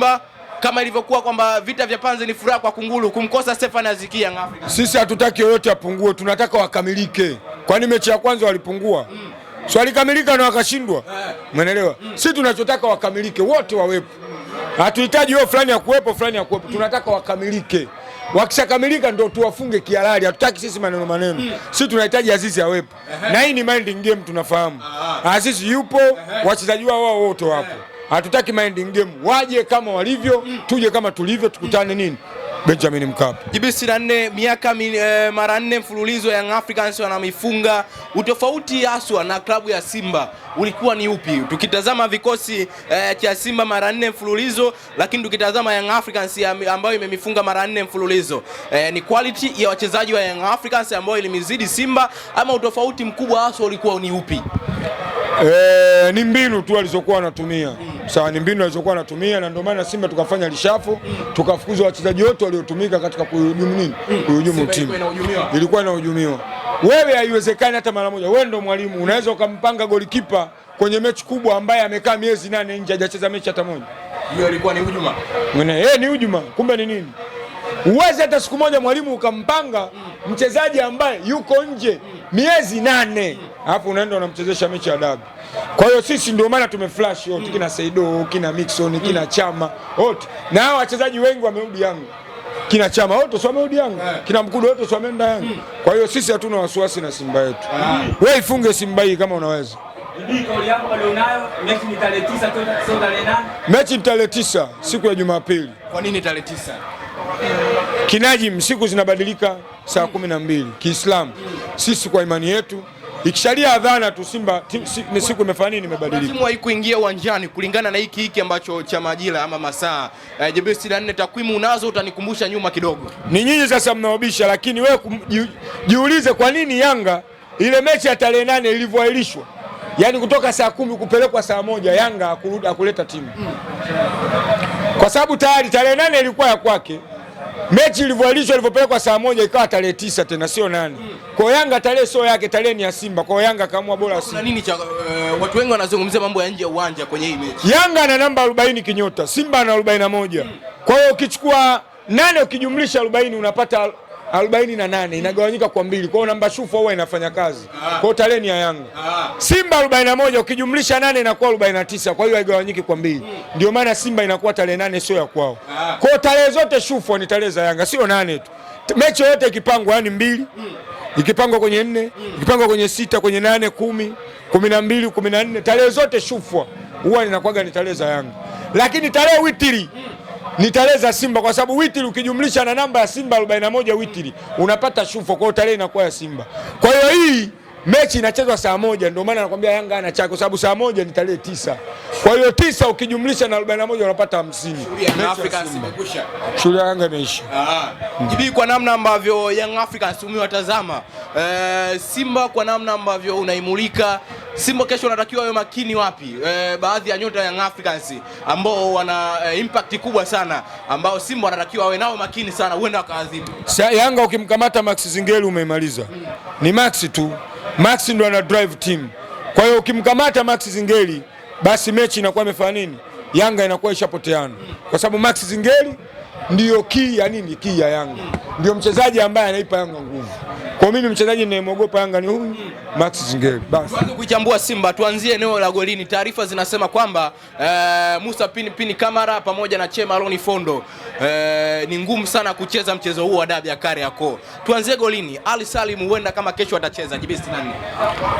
Simba kama ilivyokuwa kwamba vita vya Panzi ni furaha kwa kunguru, kumkosa Stefan Azikia Afrika. Sisi hatutaki yoyote apungue, tunataka wakamilike, kwani mechi ya kwanza walipungua mm. so walikamilika na wakashindwa eh. Umeelewa? mm. Sisi tunachotaka wakamilike wote wawepo, hatuhitaji wao fulani ya kuwepo fulani ya kuwepo tunataka wakamilike, wakishakamilika ndio tuwafunge kihalali. Hatutaki sisi maneno maneno mm. Sisi tunahitaji Azizi awepo uh -huh. na hii ni mind game tunafahamu uh ah. -huh. Azizi yupo uh -huh. wachezaji wao wote wapo uh eh. -huh hatutaki minding game, waje kama walivyo, tuje kama tulivyo, tukutane nini Benjamin Mkapa. Jibisi la nne miaka mi, e, mara nne mfululizo Young Africans wanamifunga. Utofauti haswa na klabu ya Simba ulikuwa ni upi? Tukitazama vikosi e, cha Simba mara nne mfululizo, lakini tukitazama Young Africans ya, ambayo imemifunga mara nne mfululizo e, ni quality ya wachezaji wa Young Africans ambayo ilimizidi Simba ama utofauti mkubwa haswa ulikuwa ni upi? E, ni mbinu tu alizokuwa anatumia sawa, ni mbinu alizokuwa anatumia, na ndio maana Simba tukafanya lishafu tukafukuza wachezaji wote waliotumika katika kuhujumu nini, hmm. kuhujumu timu, ilikuwa inahujumiwa. Wewe haiwezekani hata mara moja. Wewe ndo mwalimu, unaweza ukampanga golikipa kwenye mechi kubwa ambaye amekaa miezi nane nje hajacheza mechi hata moja? Hiyo ilikuwa ni hujuma. Eh, ni hujuma. Kumbe ni nini? Uwezi hata siku moja mwalimu ukampanga hmm. mchezaji ambaye yuko nje miezi nane hmm alafu unaenda unamchezesha mechi ya dabi. Kwa hiyo sisi ndio maana tumeflash yote mm. kina Saido kina Mixon mm. kina Chama wote na hao wachezaji wengi wamerudi Yanga kina Chama wote sio wamerudi Yanga yeah. kina Mkudo wote sio wameenda Yanga mm. kwa hiyo sisi hatuna wasiwasi na Simba yetu yeah. wewe ifunge Simba hii kama unaweza mechi ni tarehe tisa siku ya Jumapili. Kwa nini tarehe tisa? Kinajim siku zinabadilika saa kumi na mbili Kiislamu. Sisi kwa imani yetu Ikishalia adhana tu Simba ni siku imefanya nini, imebadilika. Timu haikuingia uwanjani kulingana na hiki hiki ambacho cha majira ama masaa e, JB 64 takwimu unazo, utanikumbusha nyuma kidogo. Ni nyinyi sasa mnaobisha, lakini wewe jiulize kwa nini Yanga ile mechi ya tarehe nane ilivyoahirishwa, yaani kutoka saa kumi kupelekwa saa moja, Yanga hakuleta timu mm. kwa sababu tayari tarehe nane ilikuwa ya kwake mechi ilivyoalishwa ilivyopelekwa saa moja ikawa tarehe tisa tena sio nane. Kwa Yanga tarehe sio yake, tarehe ni ya Simba. Kwa Yanga kaamua bora Simba. Nini cha uh, watu wengi wanazungumzia mambo ya nje ya uwanja kwenye hii mechi. Yanga ana namba 40 kinyota, Simba ana 41. Kwa hiyo ukichukua nane ukijumlisha 40 unapata arobaini na nane inagawanyika kwa mbili, kwa hiyo namba shufu huwa inafanya kazi, kwa hiyo tarehe ni ya Yanga. Simba arobaini na moja ukijumlisha nane inakuwa arobaini na tisa kwa hiyo haigawanyiki kwa mbili, ndio maana Simba inakuwa tarehe nane sio ya kwao. Kwa hiyo tarehe zote shufu ni tarehe za Yanga, sio nane tu. Mechi yote ikipangwa, yani mbili ikipangwa kwenye nne ikipangwa kwenye sita kwenye nane kumi kumi na mbili kumi na nne tarehe zote shufu huwa inakuwaga ni tarehe za Yanga, lakini tarehe witiri nitaleza Simba kwa sababu witili ukijumlisha na namba ya Simba 41 witili unapata shufo, kwa hiyo tarehe inakuwa ya Simba. Kwa hiyo hii mechi inachezwa saa moja, ndio maana nakwambia Yanga ana kwa sababu saa moja ni tarehe tisa. Kwa hiyo tisa ukijumlisha na 41 unapata 50. Mechi ya Yanga imeisha ah. hivi. Kwa namna ambavyo Young Africans umewatazama, uh, eh, Simba kwa namna ambavyo unaimulika Simba kesho wanatakiwa awe makini wapi? E, baadhi ya nyota ya Africans ambao wana e, impact kubwa sana ambao Simba anatakiwa awe nao makini sana, huenda wakaadhibu. Yanga ukimkamata Max Zingeli umemaliza. Ni Max tu, Max ndo ana drive team. Kwa hiyo ukimkamata Max Zingeli basi mechi inakuwa imefanya nini? Yanga inakuwa ishapoteana kwa sababu Max Zingeli ndiyo kii ya nini, kii ya Yanga, ndio mchezaji ambaye anaipa Yanga nguvu. Kwa mimi mchezaji ninayemwogopa Yanga ni huyu Max Zingeli. Basi. Kwanza kuchambua Simba tuanzie eneo la golini. Taarifa zinasema kwamba e, Musa Pini Pini Kamara pamoja na Chema Aloni Fondo e, ni ngumu sana kucheza mchezo huu wa dabi ya Kariakoo. Tuanzie golini. Ali Salim huenda kama kesho atacheza jibisi nani?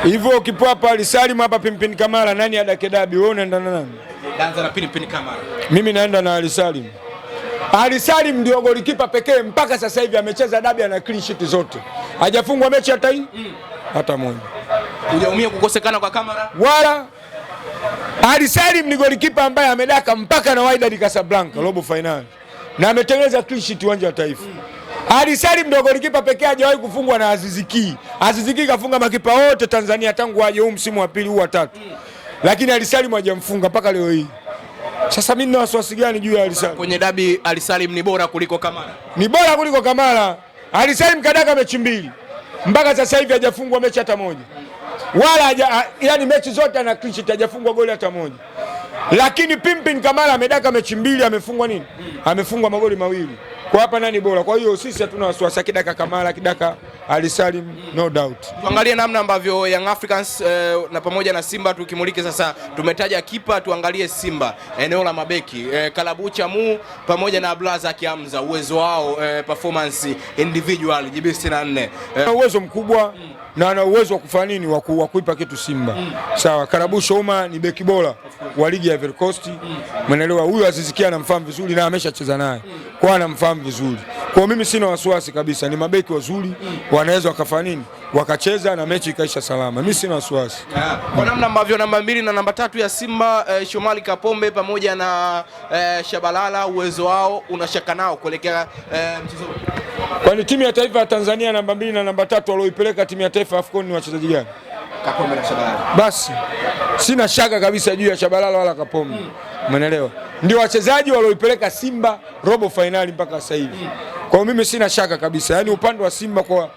Hivyo ukipua hapa Ali Salim hapa Pini Pini Kamara nani adake dabi? Wewe unaenda na nani? Danza na Pini Pini Kamara. Mimi naenda na Ali Salim. Ali Salim ndio golikipa pekee mpaka sasa hivi amecheza dabi ana clean sheet zote hajafungwa mechi hata hii mm. hata moja. Hujaumia kukosekana kwa kamera wala Ali Salim ni golikipa ambaye amedaka mpaka na Wydad Casablanca mm. robo finali na ametengeneza clean sheet uwanja wa Taifa mm. Ali Salim ndio golikipa pekee hajawahi kufungwa na Aziziki. Aziziki kafunga makipa wote Tanzania tangu aje huu msimu wa pili huu wa tatu mm. lakini Ali Salim hajamfunga mpaka leo hii. Sasa mimi nina wasiwasi gani juu ya Ali Salim? Kwenye dabi Ali Salim ni bora kuliko Kamara. Ni bora kuliko Kamara alisaini mkataba mechi mbili, mpaka sasa hivi hajafungwa mechi hata moja, wala yani mechi zote ana clean sheet, hajafungwa goli hata moja. Lakini Pimpin Kamara amedaka mechi mbili, amefungwa nini? Amefungwa magoli mawili kwa hapa nani bora. Kwa hiyo sisi hatuna wasiwasi, akidaka Kamara, kidaka Ali Salim, no doubt. Tuangalie namna ambavyo Young Africans eh, na pamoja na Simba tukimulike sasa. Tumetaja kipa, tuangalie Simba eneo la mabeki eh, Kalabucha Mu pamoja na Blaza Kiamza, uwezo wao eh, performance individual JB64 eh. uwezo mkubwa mm na ana uwezo wa kufanya nini wa kuipa kitu Simba mm. Sawa, Karabu Shouma ni beki bora wa ligi ya Ivory Coast, mwenelewa mm. Huyu Azizikia anamfahamu vizuri na ameshacheza naye mm kwa anamfahamu vizuri. Kwa mimi sina wasiwasi kabisa, ni mabeki wazuri, wanaweza wakafanya nini, wakacheza na mechi ikaisha salama. Mimi sina wasiwasi yeah. Kwa namna ambavyo namba mbili na namba tatu ya Simba eh, Shomari Kapombe pamoja na eh, Shabalala, uwezo wao unashaka nao kuelekea eh, kwani timu ya taifa ya Tanzania namba mbili na namba tatu walioipeleka timu ya taifa AFCON ni wachezaji gani? Kapombe na Shabalala. Basi sina shaka kabisa juu ya Shabalala wala Kapombe hmm. Umeelewa? Ndio wachezaji walioipeleka Simba robo fainali mpaka sasa hivi. Kwa hiyo mimi sina shaka kabisa, yaani upande wa Simba kwa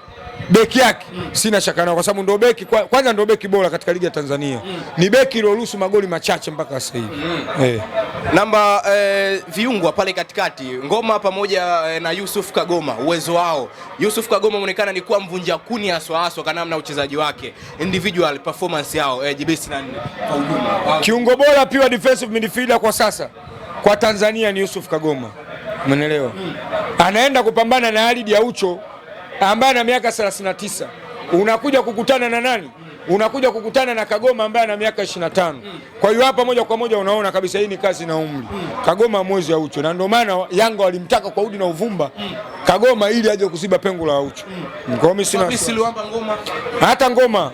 beki yake mm. sina shaka nao kwa sababu ndio beki kwanza, ndio beki bora katika ligi ya Tanzania mm. ni beki iliyoruhusu magoli machache mpaka sasa hivi mm. eh. namba eh, viungwa pale katikati Ngoma pamoja eh, na Yusuf Kagoma, uwezo wao Yusuf Kagoma unaonekana ni kuwa mvunja kuni haswa haswa, kwa namna uchezaji wake individual performance yao eh, JB na kiungo bora pia defensive midfielder kwa sasa kwa Tanzania ni Yusuf Kagoma, umeelewa mm. anaenda kupambana na Alid Aucho ambaye ana miaka 39 unakuja kukutana na nani? Unakuja kukutana na Kagoma ambaye ana miaka 25. Kwa hiyo hapa moja kwa moja unaona kabisa hii ni kazi na umri. Kagoma mwezi wa ucho, na ndio maana Yanga walimtaka kwa udi na uvumba Kagoma ili aje kuziba pengo la ucho. mimi hata ngoma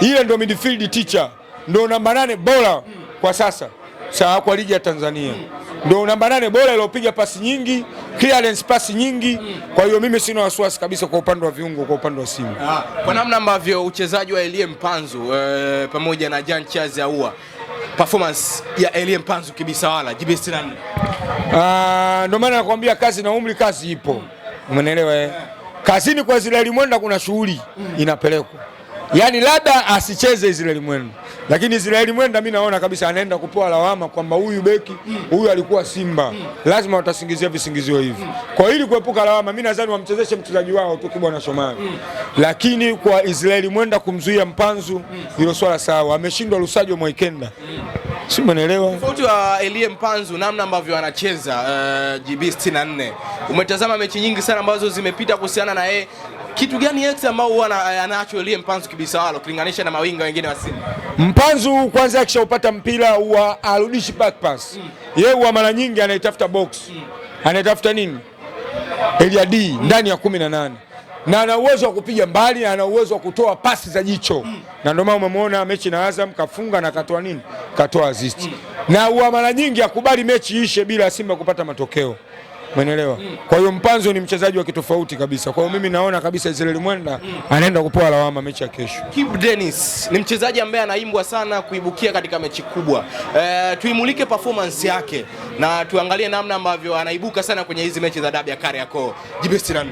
ile, ndio midfield teacher, ndio namba nane bora kwa sasa sawa kwa ligi ya Tanzania ndio namba nane bora iliyopiga pasi nyingi, clearance pasi nyingi. Kwa hiyo mimi sina wasiwasi kabisa kwa upande wa viungo, kwa upande wa Simba ah, kwa namna ambavyo uchezaji wa Elie Mpanzu e, pamoja na Jean Charles Ahoua performance ya Elie Mpanzu kibisawala GB64 ah, ndio maana nakwambia kazi na umri, kazi ipo, umeelewa eh? Kazini kwa Israeli Mwenda kuna shughuli mm. inapelekwa, yaani labda asicheze Israeli Mwenda lakini Israeli Mwenda mi naona kabisa anaenda kupewa lawama kwamba huyu beki huyu alikuwa Simba, lazima watasingizia visingizio hivi. Kwa ili kuepuka lawama, mi nadhani wamchezeshe mchezaji wao tu Kibwana Shomari, lakini kwa Israeli Mwenda kumzuia Mpanzu, hilo swala sawa, ameshindwa Lusajo Mwaikenda si umeelewa tofauti wa Elie Mpanzu namna ambavyo anacheza uh, GB 64 umetazama mechi nyingi sana ambazo zimepita kuhusiana na yeye kitu gani X ambao huwa eh, anacho Elie Mpanzu Kibisawalo kulinganisha na mawinga wengine wa Simba? Mpanzu kwanza akishaupata mpira huwa arudishi back pass. Mm. Yeye huwa mara nyingi anaitafuta box. Mm. Anaitafuta nini? Elia D mm. ndani ya 18. Na ana uwezo wa kupiga mbali na ana uwezo wa kutoa pasi za jicho. Mm. Na ndio maana umemwona mechi na Azam kafunga na katoa nini? Katoa assist. Mm. Na huwa mara nyingi akubali mechi ishe bila Simba kupata matokeo. Umeelewa? Kwa hiyo Mpanzo ni mchezaji wa kitofauti kabisa. Kwa hiyo mimi naona kabisa Israel Mwenda anaenda kupewa lawama mechi ya kesho. Kip Dennis ni mchezaji ambaye anaimbwa sana kuibukia katika mechi kubwa. E, tuimulike performance yake na tuangalie namna ambavyo anaibuka sana kwenye hizi mechi za dabi ya Kariakoo. Jibestiran.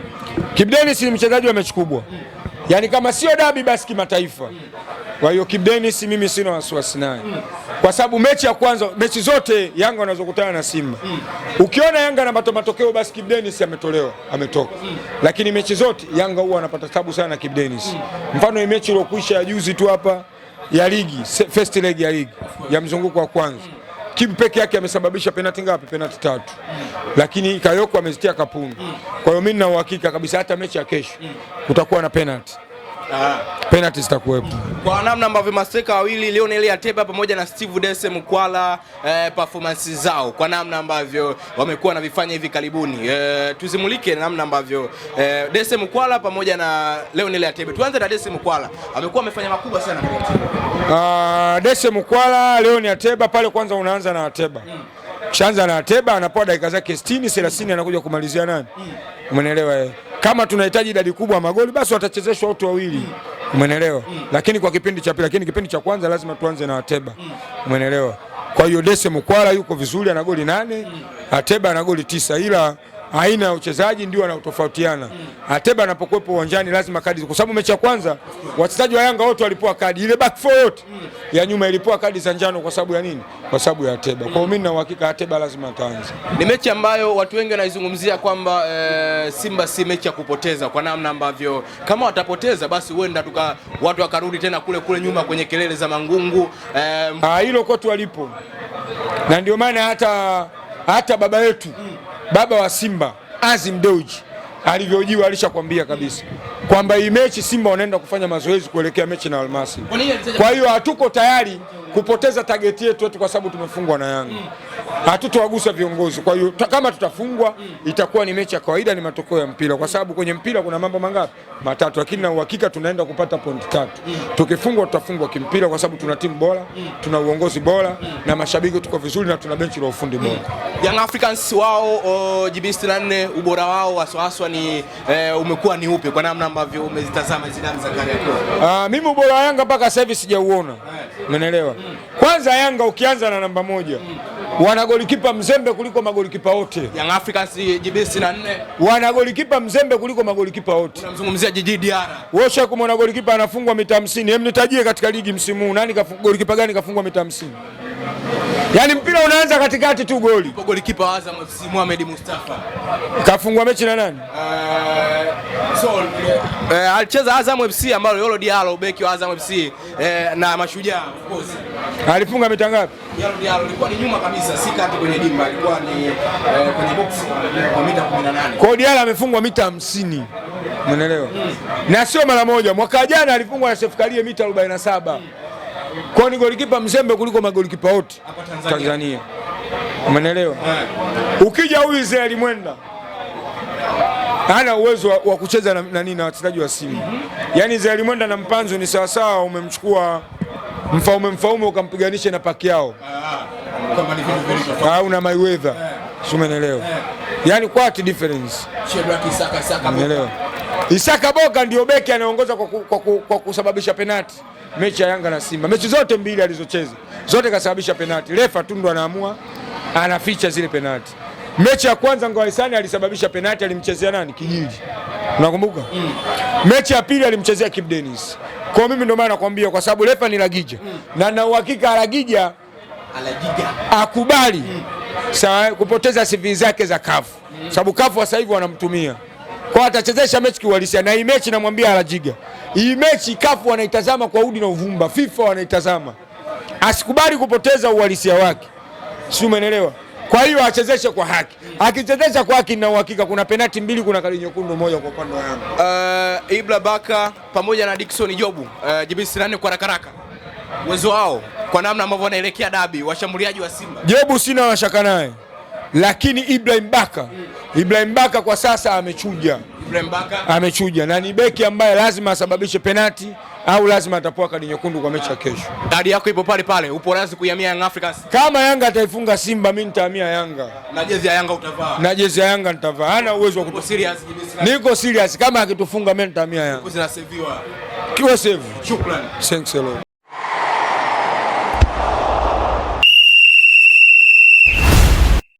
Kip Dennis ni mchezaji wa mechi kubwa. Yaani kama sio dabi basi kimataifa. Kwa hiyo Kip Dennis mimi sina wasiwasi naye kwa sababu mechi ya kwanza, mechi zote Yanga wanazokutana na Simba mm. ukiona Yanga na matokeo basi Kibu Denis ametolewa ametoka mm. lakini mechi zote Yanga huwa anapata tabu sana Kibu Denis mm. mfano hii mechi iliyokuisha juzi tu hapa ya ligi first leg ya ligi ya mzunguko wa kwanza mm. Kibu peke yake amesababisha penati ngapi? Penati tatu mm. lakini Kayoko amezitia kapuni mm. kwa hiyo mimi nina uhakika kabisa hata mechi ya kesho mm. kutakuwa na penati Ah. penalty zitakuwepo. Kwa namna ambavyo masteka wawili Lionel Ateba pamoja na Steve Dese Mkwala eh, performance zao kwa namna ambavyo wamekuwa na vifanya hivi karibuni eh, tuzimulike namna ambavyo eh, Dese Mkwala pamoja na Lionel Ateba. Tuanze na Dese Mkwala, amekuwa amefanya makubwa sana uh, Dese Mkwala, Lionel Ateba pale, kwanza unaanza na Ateba mm. Kishaanza na Ateba anapoa dakika zake 60 30 anakuja kumalizia nani? Hmm. Umeelewa mm. Kama tunahitaji idadi kubwa ya magoli, basi watachezeshwa watu wawili, umeelewa? Lakini kwa kipindi cha pili, lakini kipindi cha kwanza lazima tuanze na Ateba, umeelewa? Kwa hiyo Dese Mkwala yuko vizuri, ana goli nane, Ateba ana goli tisa ila aina ya uchezaji ndio wanaotofautiana. Ateba anapokuwepo uwanjani lazima kadi, kwa sababu mechi ya kwanza wachezaji wa Yanga wote walipewa kadi, ile back four yote ya nyuma ilipewa kadi za njano. Kwa sababu ya nini? Kwa sababu ya Ateba. Kwa hiyo mimi na uhakika Ateba lazima ataanza. Ni mechi ambayo watu wengi wanaizungumzia kwamba e, Simba si mechi ya kupoteza, kwa namna ambavyo kama watapoteza basi huenda tuka watu wakarudi tena kule kule nyuma kwenye kelele za mangungu eh, ah, hilo e, walipo, na ndio maana hata hata baba yetu mm baba wa Simba Azim Deuji alivyojiwa alishakwambia kabisa kwamba hii mechi Simba wanaenda kufanya mazoezi kuelekea mechi na Almasi. Kwa hiyo hatuko tayari kupoteza tageti yetu eti kwa sababu tumefungwa na Yanga. Hmm. Hatutowagusa viongozi. Kwa hiyo kama tutafungwa hmm. itakuwa ni mechi ya kawaida, ni matokeo ya mpira, kwa sababu kwenye mpira kuna mambo mangapi? Matatu, lakini na uhakika tunaenda kupata pointi tatu. Hmm. Tukifungwa tutafungwa kimpira, kwa sababu tuna timu bora, tuna uongozi bora na mashabiki tuko vizuri, na tuna benchi la ufundi bora. Young Africans wao o, GB64 ubora wao waswaswa ni e, umekuwa ni upe kwa namna ambavyo umezitazama hizo damu za kale? Ah, mimi ubora wa Yanga mpaka sasa hivi sijauona, umeelewa? mm. Kwanza Yanga ukianza na namba moja mm. wana golikipa mzembe kuliko magolikipa wote. Young Africans GB64 wana golikipa mzembe kuliko magolikipa wote. Unamzungumzia Jiji Diara. Wewe ushakumwona golikipa anafungwa mita 50. Hem, nitajie katika ligi msimu huu nani golikipa gani kafungwa mita 50? Yaani mpira unaanza katikati tu goli. Kwa golikipa wa Azam FC Mohamed Mustafa. Kafungwa mechi na nani? Uh, eh, so, uh, eh, alicheza Azam FC ambao Yolo Diallo beki wa Azam FC uh, eh, na Mashujaa of course. Alifunga mita ngapi? Yolo Diallo alikuwa ni nyuma kabisa, si kati kwenye dimba, alikuwa ni uh, kwenye box kwa mita 18. Kwa Diallo amefungwa mita 50. Mnaelewa? Mm. Na sio mara moja, mwaka jana alifungwa na Chef Kalie mita 47. Mm kwa ni golikipa mzembe kuliko magolikipa wote Tanzania. Umeelewa? Ukija huyu Zee Alimwenda hana uwezo wa, wa kucheza na nani na wachezaji wa Simba. Mhm. Yaani Zee Alimwenda na Mpanzu ni sawasawa, umemchukua Mfaume Mfaume ukampiganisha na paki yao au ah, ah. ah, na Mayweather, eh. si umeelewa? Eh. Yaani quite difference. Isaka Boka ndio beki anaongoza kwa, kwa, kwa kusababisha penati mechi ya Yanga na Simba, mechi zote mbili alizocheza zote kasababisha penalti. Refa tu ndo anaamua, anaficha zile penalti. Mechi ya kwanza Ngwaisani alisababisha penalti, alimchezea nani? Kijiji, unakumbuka? mm. mechi ya pili alimchezea Kip Dennis. Kwa mimi ndio maana nakwambia, kwa sababu refa ni Lagija mm. na na uhakika Lagija akubali mm. sawa kupoteza CV zake za kafu mm. sababu kafu sasa hivi wanamtumia kwa atachezesha mechi kiuhalisia, na hii mechi namwambia Alajiga hii mechi kafu wanaitazama kwa udi na uvumba, FIFA wanaitazama, asikubali kupoteza uhalisia wake, si umeelewa? Kwa hiyo achezeshe kwa haki, akichezesha kwa haki na uhakika, kuna penati mbili, kuna kadi nyekundu moja kwa upande wa Yanga. Uh, Ibra Baka pamoja na Dickson Jobu uh, eh, jibisi nane kwa rakaraka uwezo wao kwa namna ambavyo wanaelekea dabi, washambuliaji wa Simba. Jobu sina mashaka naye, lakini Ibrahim Baka hmm. Ibrahim Baka kwa sasa amechuja, Ibrahim Baka amechuja na ni beki ambaye lazima asababishe penati au lazima atapoa kadi nyekundu kwa mechi ya kesho. Dadi yako ipo pale pale, upo razi kuihamia Young Africans. Kama Yanga ataifunga Simba, mimi nitahamia Yanga na jezi ya Yanga utavaa, na jezi ya Yanga nitavaa. Hana uwezo wa kutu niko serious. Kama akitufunga mimi nitahamia Yanga. Kiwa save. Shukrani. Thanks a lot.